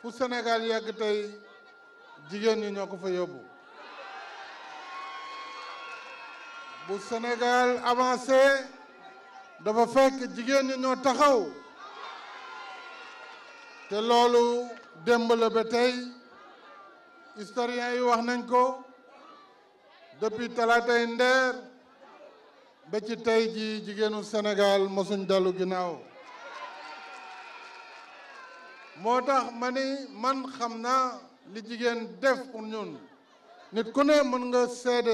fu Sénégal yegg tey jigéen ñi ñoo ko fa yóbbu bu Sénégal avancé dafa fekk jigéen ñi ñoo taxaw te loolu démb la ba tey historiens yi wax nañ ko depuis talaatay ndeer ba ci tey ji jigéenu Sénégal mosuñ dellu ginnaaw moo tax ma ni man xam naa li jigéen def pour ñun nit ku ne mën nga sedd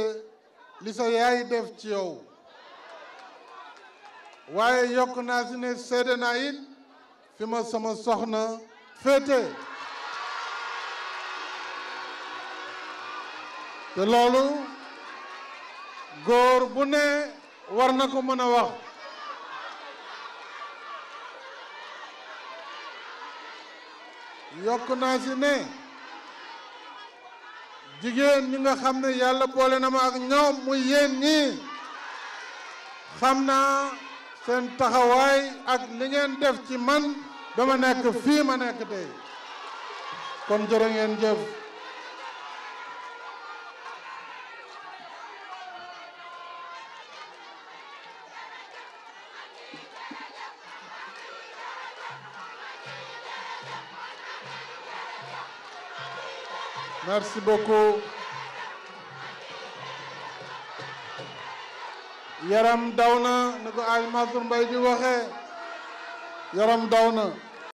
li sa yaay def ci yow waaye yokk naa si ne sedd naa it fi ma sama soxna féete te loolu góor bu ne war na ko mën a wax yokk naa ci ne jigéen ñi nga xam ne yàlla boole na ma ak ñoom mu yéen ñii xam naa seen taxawaay ak li ngeen def ci man ba ma nekk fii ma nekk tey kon jërë ngeen Merci beaucoup. yaram daw na ni ko Aliou Mansour Mbaye di waxee yaram daw na